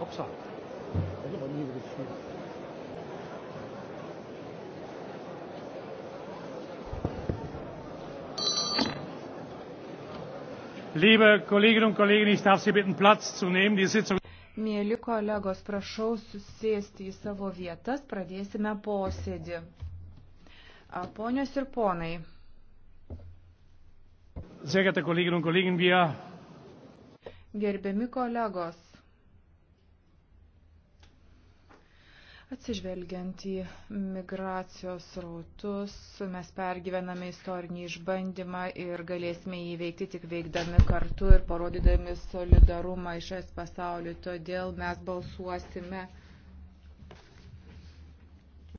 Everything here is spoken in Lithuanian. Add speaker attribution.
Speaker 1: Hopsa. Hele maar nieuw dit vuur.
Speaker 2: Liebe Kolleginnen und Kollegen, ich darf Sie bitten, Platz zu nehmen. Die Sitzung
Speaker 3: Mėly kolegos, prašau susėsti į savo vietas, pradėsime posėdį. Ponios ir ponai.
Speaker 2: Sehr geehrte Kolleginnen und Kollegen, wir
Speaker 3: Gerbiami kolegos, Atsižvelgiant į migracijos rautus, mes pergyvename istorinį išbandymą ir galėsime įveikti tik veikdami kartu ir parodydami solidarumą iš es pasaulio. Todėl mes balsuosime.